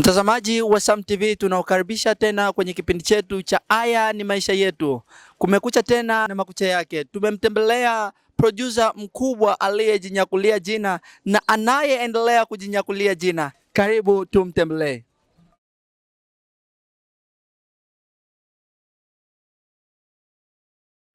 Mtazamaji wa Sam TV tunaokaribisha tena kwenye kipindi chetu cha Haya ni Maisha Yetu. Kumekucha tena na makucha yake. Tumemtembelea producer mkubwa aliyejinyakulia jina na anayeendelea kujinyakulia jina. Karibu tumtembelee.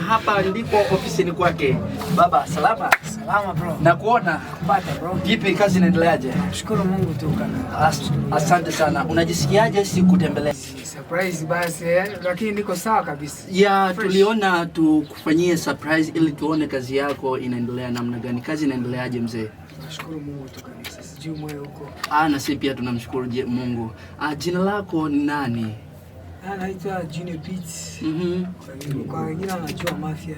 hapa ndipo ofisini kwake. Baba, salama. Salama bro. Na kuona kupata bro. Vipi kazi inaendeleaje? Nashukuru Mungu tu kana. As, asante sana. Unajisikiaje si kutembelea? Surprise basi, eh, lakini niko sawa kabisa. Ya, yeah, tuliona tukufanyie surprise ili tuone kazi yako inaendelea namna gani. Kazi inaendeleaje mzee? Nashukuru Mungu tu kabisa. Sijui moyo huko. Ah, na sisi pia tunamshukuru Mungu. Ah, jina lako ni nani? Anaitwa Junior Pete. Mhm. Kwa wengine wanajua Mafia.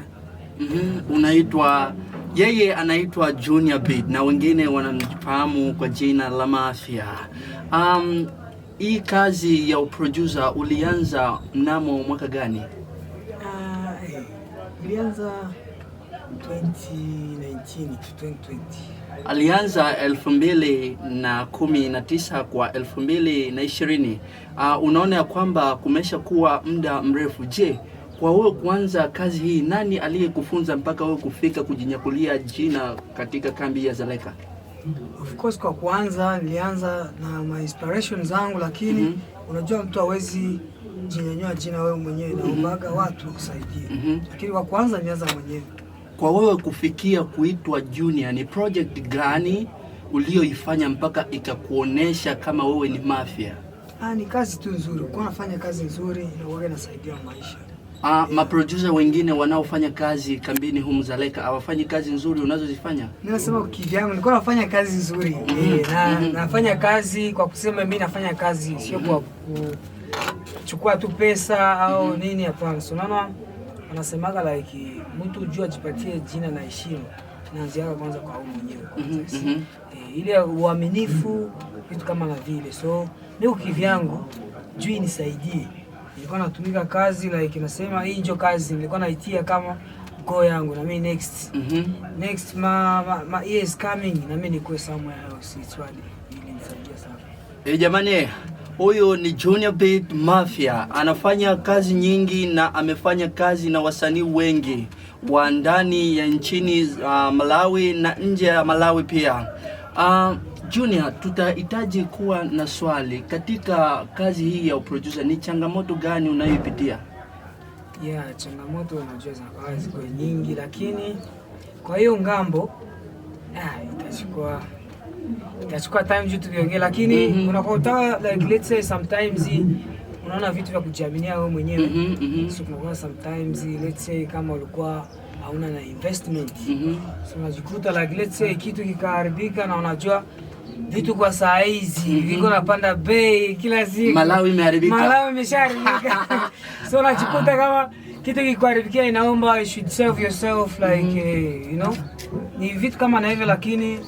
Mhm. Unaitwa yeye anaitwa Junior Pete na wengine wanamfahamu kwa jina la Mafia. Um, hii kazi ya uproducer ulianza mnamo mwaka gani? Ah, hey. Eh, Ilianza 2019 2020. Alianza elfu mbili na kumi na tisa kwa elfu mbili na ishirini. Uh, unaona ya kwamba kumesha kuwa muda mrefu. Je, kwa wewe kuanza kazi hii nani aliyekufunza mpaka wewe kufika kujinyakulia jina katika kambi ya Zaleka? Of course kwa kuanza nilianza na my inspiration zangu, lakini mm -hmm. unajua mtu hawezi jinyanyua jina wewe mwenyewe, naombaga mhm. mm -hmm. watu wakusaidie mm -hmm. lakini kwa kuanza nilianza mwenyewe. Kwa wewe kufikia kuitwa junior, ni project gani ulioifanya mpaka ikakuonesha kama wewe ni mafia? Ah, ni kazi tu nzuri, kwa nafanya kazi nzuri na nasaidia maisha. Ah, yeah. Maproducer wengine wanaofanya kazi kambini humu Dzaleka hawafanyi kazi nzuri unazozifanya? Nasema kivyangu nilikuwa nafanya kazi nzuri. Mm -hmm. E, na, mm -hmm. Nafanya kazi kwa kusema mimi nafanya kazi sio kwa mm-hmm. kuchukua tu pesa au mm -hmm. nini hapana. Unaona? anasemaga like mtu ujue ajipatie jina na heshima naanziaga kwanza kwa mwenyewe mm -hmm. ile uaminifu vitu kama na vile, so mimi ukivyangu juu nisaidie nilikuwa natumika kazi like nasema hii njo kazi nilikuwa naitia kama go yangu na mimi next mm -hmm. next ma, ma, ma is coming na mimi nikuwe somewhere else, it's really ilinisaidia sana eh, jamani Huyu ni Junior Beat Mafia, anafanya kazi nyingi na amefanya kazi na wasanii wengi wa ndani ya nchini uh, Malawi na nje ya Malawi pia. Uh, Junior, tutahitaji kuwa na swali katika kazi hii ya producer, ni changamoto gani unayoipitia? Yeah, changamoto unajua kazi kwa nyingi, lakini kwa hiyo ngambo ah, itachukua itachukua time juu tukiongea, lakini mm -hmm. unakuta like let's say sometimes unaona vitu vya kujiaminia wewe mwenyewe mm -hmm. so unakuwa sometimes let's say kama ulikuwa hauna na investment mm -hmm. so unajikuta like let's say kitu kikaharibika na unajua vitu kwa saa hizi mm -hmm. viko napanda bei kila siku. Malawi imeharibika, Malawi imesharibika so unajikuta kama kitu kikuharibikia inaomba you should save yourself like mm -hmm. uh, you know ni vitu kama na hivyo lakini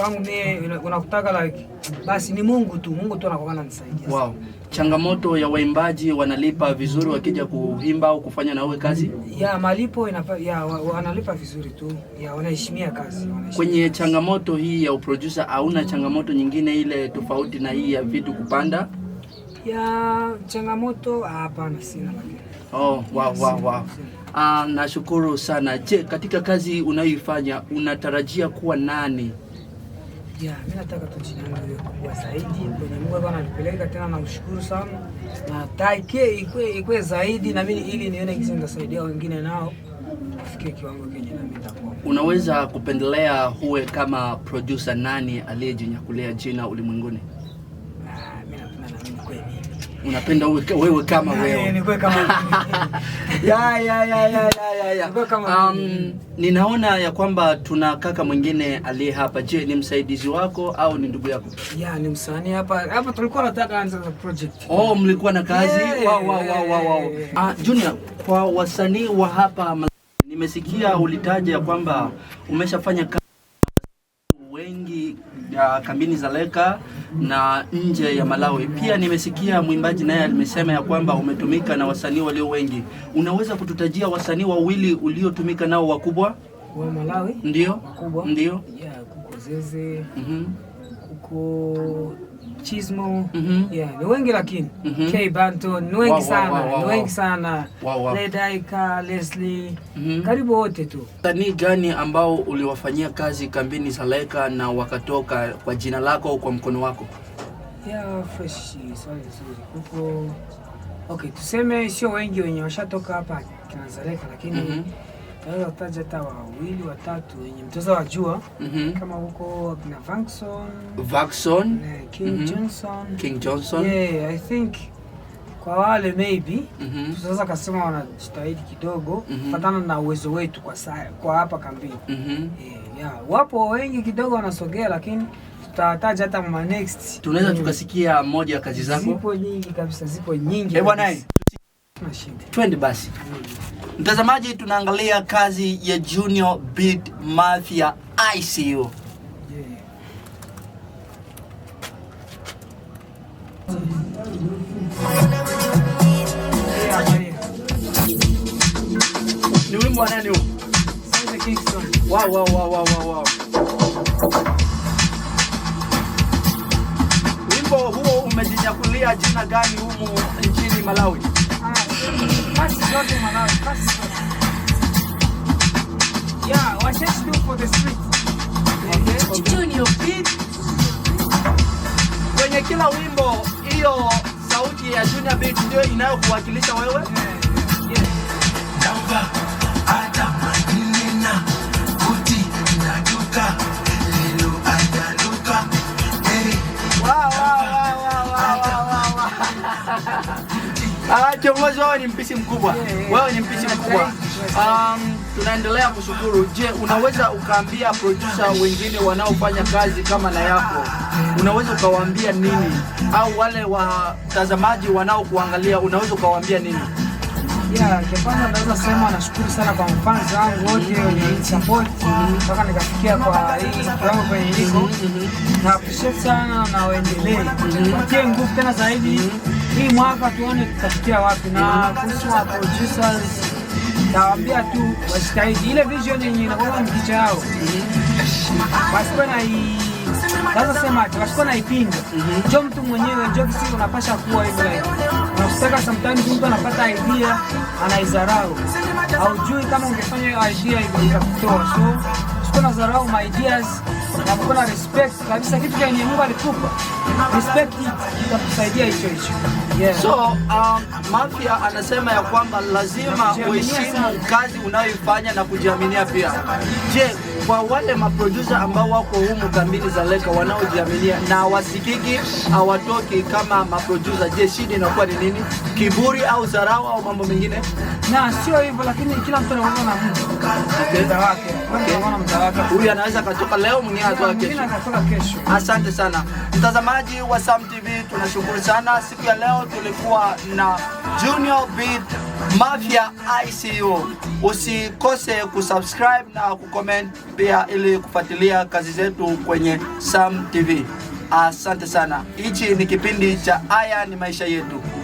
kwangu mimi unakutaka like basi ni Mungu tu, Mungu tu anakuwa ananisaidia. Wow. Changamoto ya waimbaji wanalipa vizuri wakija kuimba au kufanya na wewe kazi? Ya malipo inapa, ya wanalipa vizuri tu. Ya wanaheshimia kazi, wanaheshimia. Kwenye kazi. changamoto hii ya uproducer hauna changamoto nyingine ile tofauti na hii ya vitu kupanda? Ya changamoto hapana, sina. lakini. Oh, wow, ya, wow, sina, wow. Sina. Ah, nashukuru sana. Je, katika kazi unayoifanya unatarajia kuwa nani? Ya, mimi nataka tu jina langu kubwa zaidi kwenye Mungu bana alipeleka tena, namshukuru sana na taike ikwe, ikwe zaidi na mimi ili nione kisa nitasaidia wengine nao kufikia kiwango kenye na mimi nitakuwa. Unaweza kupendelea huwe kama producer nani aliyejinyakulia jina ulimwenguni? unapenda wewe kama yaani, wewe. ya, ya, ya, ya, ya, ya. Um, ninaona ya kwamba tuna kaka mwingine aliye hapa. Je, ni msaidizi wako au ni ndugu yako? Ya, ni msanii hapa. Hapa tulikuwa nataka anza project. Oh, mlikuwa na kazi? Yeah, wow, wow, wow, wow, wow. Ah, Junior, kwa wasanii wa hapa nimesikia ulitaja ya kwamba umeshafanya kazi wengi ya kambini za Leka na nje ya Malawi. Pia nimesikia mwimbaji naye alimesema ya kwamba umetumika na wasanii walio wengi. Unaweza kututajia wasanii wawili uliotumika nao wakubwa wa Malawi? Ndio, ndio, yeah, kuko Zeze, mm -hmm. kuko Chismo mm -hmm. Yeah, ni wengi lakini mm -hmm. K Banton ni wengi wow, sana wow, wow, Ni wengi sana wow, wow. Ledaika Leslie mm -hmm. Karibu wote tu. Wasanii gani ambao uliwafanyia kazi kambini za Leka na wakatoka kwa jina lako au kwa mkono wako? Yeah, fresh sorry, sorry. Kuko... Okay, tuseme sio wengi wenye washatoka hapa kina Salaika lakini mm -hmm naweza kutaja hata wawili watatu wenye mtoza wa jua mm -hmm. kama huko kina Vankson, Vankson, King mm -hmm. Johnson, King Johnson. Yeah, I think kwa wale maybe mm -hmm. tunaweza kasema wanajitahidi kidogo mm -hmm. na uwezo wetu kwa saa, kwa hapa kambini mm -hmm. yeah, yeah. Wapo wengi kidogo wanasogea lakini tutataja hata ma next. Tunaweza tukasikia moja ya kazi zako. Zipo nyingi kabisa, zipo nyingi. Eh, Twende basi mtazamaji, tunaangalia kazi ya Junior Bid Mathia ICU. Ni wimbo wa nani Wimbo huo umejinyakulia jina gani humu nchini Malawi? Kwenye kila wimbo hiyo sauti ya Junior beat ndio inayokuwakilisha wewe. Yeah, yeah. Ah, kiongozi wao ni mpishi mkubwa. Wao ni mpishi mkubwa. Um, tunaendelea kushukuru. Je, unaweza ukaambia producer wengine wanaofanya kazi kama na yako, unaweza ukawaambia nini? Au wale watazamaji wanaokuangalia unaweza ukawaambia nini? Yeah, kwanza naweza sema nashukuru sana kwa mfans wangu wote support mpaka nikafikia kwa hii kiwango kwenye hiko. Na appreciate sana na waendelee. Watie nguvu tena zaidi hii mwaka tuone tutafikia wapi, na kuhusu producers nawaambia tu wasitahidi ile vision yenye inakuwa mkicha yao mhm. wasikuwe na sasa sema ati wasikuwa na ipinga mhm. jo mtu mwenyewe jo kisi unapasha kuwa hivyo like unakutaka sometimes mtu anapata idea anaizarau haujui kama ungefanya hiyo idea ikakutoa so sikuwa na zarau my ideas na respect kabisa, kitu chenye Mungu alikupa respect itakusaidia hicho hicho. Yeah. So um, Mafia anasema ya kwamba lazima uheshimu kazi unayoifanya na kujiaminia pia. Je, kwa wale maproducer ambao wako humu kambini za Leka wanaojiaminia na wasikiki hawatoki kama maproducer, je, shida inakuwa ni nini? Kiburi au dharau au mambo mengine? na sio hivyo, lakini kila mtu anaona na wake. Huyu anaweza akatoka leo, mwingine anatoka kesho. Asante sana mtazamaji wa Sam TV, tunashukuru sana siku ya leo. Tulikuwa na Junior Beat Mafia ICU. Usikose kusubscribe na kucomment pia, ili kufuatilia kazi zetu kwenye Sam TV. Asante sana. Hichi ni kipindi cha Haya ni Maisha Yetu.